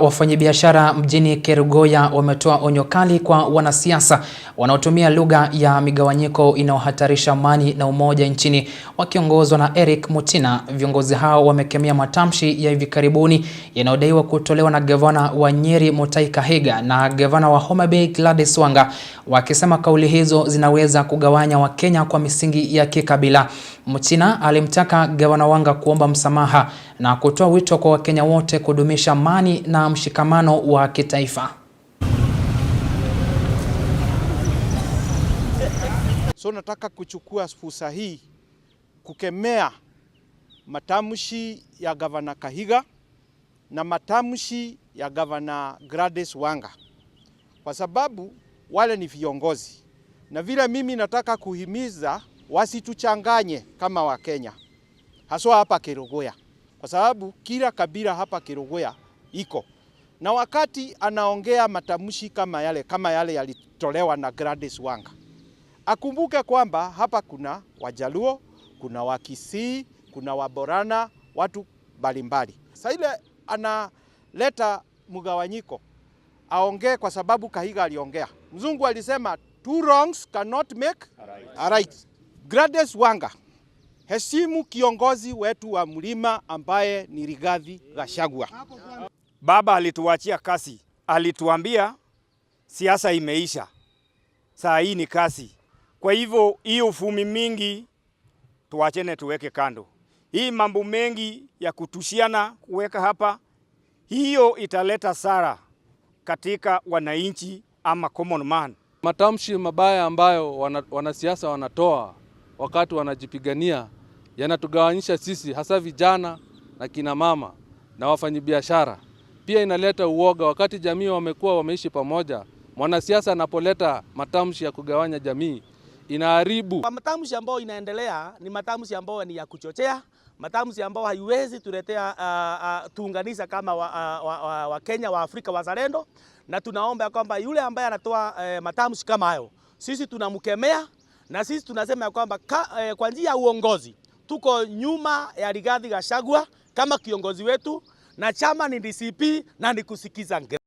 Wafanyabiashara mjini Kerugoya wametoa onyo kali kwa wanasiasa wanaotumia lugha ya migawanyiko inayohatarisha amani na umoja nchini. Wakiongozwa na Eric Mutina, viongozi hao wamekemea matamshi ya hivi karibuni yanayodaiwa kutolewa na Gavana wa Nyeri Mutahi Kahiga na Gavana wa Homa Bay Gladys Wanga, wakisema kauli hizo zinaweza kugawanya Wakenya kwa misingi ya kikabila. Mutina alimtaka gavana Wanga kuomba msamaha na kutoa wito kwa Wakenya wote kudumisha amani na mshikamano wa kitaifa. So nataka kuchukua fursa hii kukemea matamshi ya gavana Kahiga na matamshi ya gavana Gladys Wanga kwa sababu wale ni viongozi, na vile mimi nataka kuhimiza wasituchanganye kama Wakenya, haswa hapa Kerugoya, kwa sababu kila kabila hapa Kerugoya iko na wakati anaongea matamshi kama yale kama yale yalitolewa na Gladys Wanga, akumbuke kwamba hapa kuna Wajaluo, kuna Wakisii, kuna Waborana, watu mbalimbali. Sasa ile analeta mgawanyiko, aongee kwa sababu Kahiga aliongea. Mzungu alisema two wrongs cannot make a right. Gladys Wanga, heshimu kiongozi wetu wa mlima ambaye ni Rigathi Gachagua. Baba alituachia kasi alituambia siasa imeisha, saa hii ni kazi. Kwa hivyo hii ufumi mingi tuachene, tuweke kando hii mambo mengi ya kutushiana kuweka hapa, hiyo italeta sara katika wananchi ama common man. Matamshi mabaya ambayo wanasiasa wanatoa wakati wanajipigania yanatugawanyisha sisi hasa vijana na kina mama na wafanyabiashara. Pia inaleta uoga wakati jamii wamekuwa wameishi pamoja. Mwanasiasa anapoleta matamshi ya kugawanya jamii inaharibu. Kwa matamshi ambayo inaendelea ni matamshi ambayo ni ya kuchochea, matamshi ambayo haiwezi tuletea uh, uh, tuunganisha kama Wakenya wa, wa, wa, wa, wa Afrika wazalendo, na tunaomba kwamba yule ambaye anatoa uh, matamshi kama hayo sisi tunamkemea na sisi tunasema ya kwamba eh, kwa njia ya uongozi tuko nyuma ya Rigathi Gachagua kama kiongozi wetu, na chama ni DCP na ni kusikiza